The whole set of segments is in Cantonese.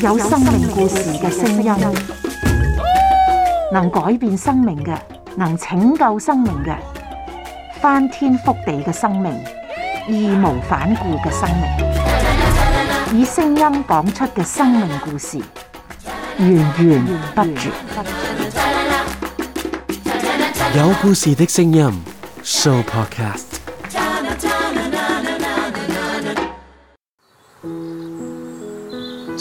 有生命故事嘅聲音，能改變生命嘅，能拯救生命嘅，翻天覆地嘅生命，義無反顧嘅生命，以聲音講出嘅生命故事，源源不絕。有故事嘅聲音，Show Podcast。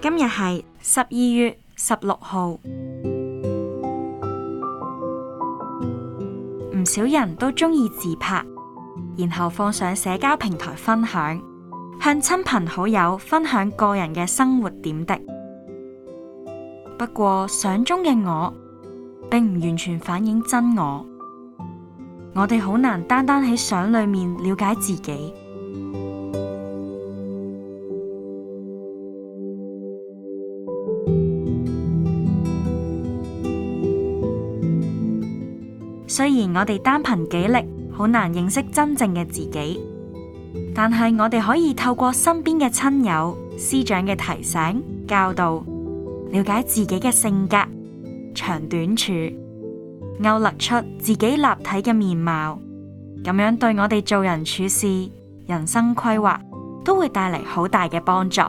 今日係十二月十六號，唔少人都鍾意自拍，然後放上社交平台分享，向親朋好友分享個人嘅生活點滴。不過相中嘅我，並唔完全反映真我，我哋好難單單喺相裏面了解自己。雖然我哋單憑己力好難認識真正嘅自己，但係我哋可以透過身邊嘅親友、師長嘅提醒、教導，了解自己嘅性格、長短處，勾勒出自己立體嘅面貌，咁樣對我哋做人處事、人生規劃都會帶嚟好大嘅幫助。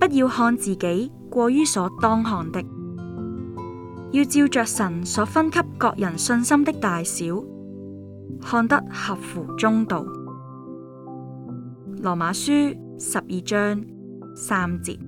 不要看自己過於所當看的，要照着神所分給各人信心的大小，看得合乎中道。羅馬書十二章三節。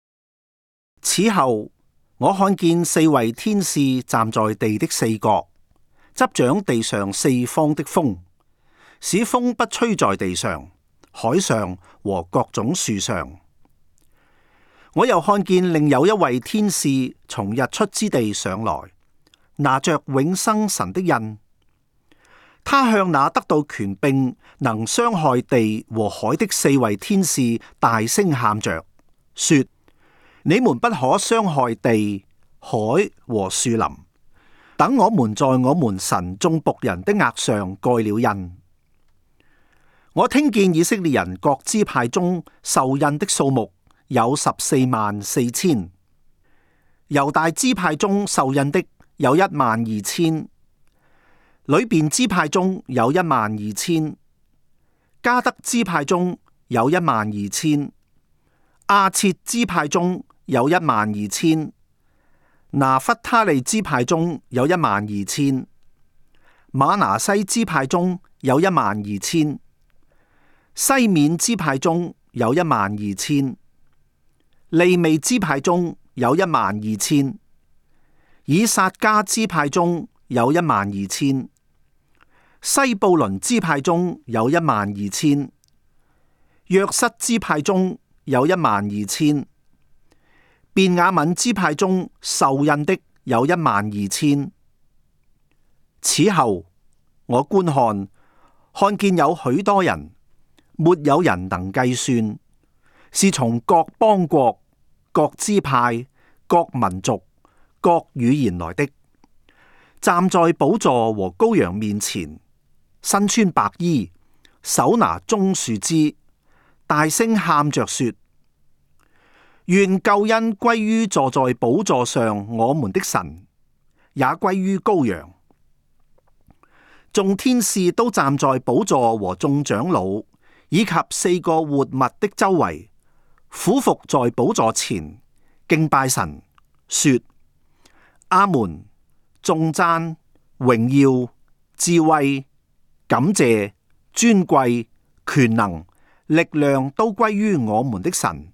此後，我看見四位天使站在地的四角，執掌地上四方的風，使風不吹在地上、海上和各種樹上。我又看見另有一位天使從日出之地上來，拿着永生神的印，他向那得到權柄、能傷害地和海的四位天使大聲喊着，說。你們不可傷害地、海和樹林，等我們在我們神眾僕人的額上蓋了印。我聽見以色列人各支派中受印的數目有十四萬四千，猶大支派中受印的有一萬二千，里邊支派中有一萬二千，加得支派中有一萬二千，亞設支派中，有一萬二千，拿弗他利支派中有一萬二千，馬拿西支派中有一萬二千，西緬支派中有一萬二千，利未支派中有一萬二千，以薩迦支派中有一萬二千，西布倫支派中有一萬二千，約瑟支派中有一萬二千。便雅憫支派中受印的有一萬二千。此後我觀看，看見有許多人，沒有人能計算，是從各邦國、各支派、各民族、各語言來的，站在寶座和羔羊面前，身穿白衣，手拿棕樹枝，大聲喊着說。願救恩歸於坐在寶座上我們的神也歸於高，也歸於羔羊。眾天使都站在寶座和眾長老以及四個活物的周圍，俯伏在寶座前敬拜神，說：阿門！眾讚榮耀、智慧、感謝、尊貴、權能、力量都歸於我們的神。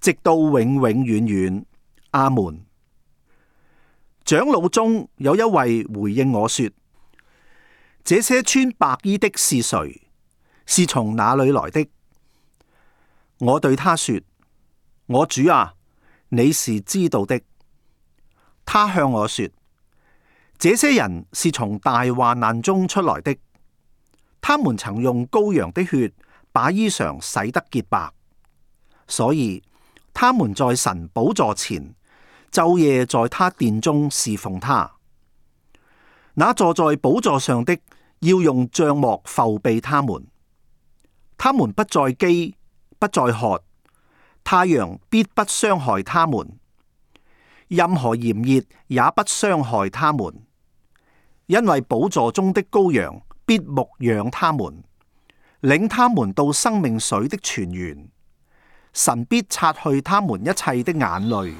直到永永遠遠，阿門。長老中有一位回應我說，這些穿白衣的是誰？是從哪裏來的？我對他說，我主啊，你是知道的。他向我說，這些人是從大患難中出來的，他們曾用羔羊的血把衣裳洗得潔白，所以。他們在神寶座前，晝夜在他殿中侍奉他。那坐在寶座上的要用帳幕覆庇他們，他們不再飢，不再渴，太陽必不傷害他們，任何炎熱也不傷害他們，因為寶座中的羔羊必牧養他們，領他們到生命水的泉源。神必擦去他們一切的眼淚。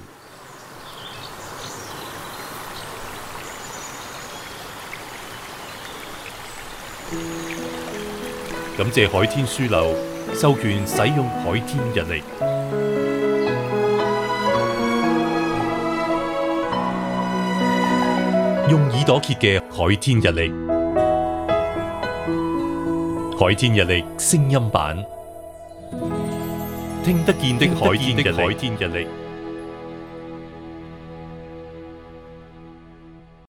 感謝海天書樓授權使用海天日曆，用耳朵揭嘅海天日曆，海天日曆聲音版。聽得見的海天日曆。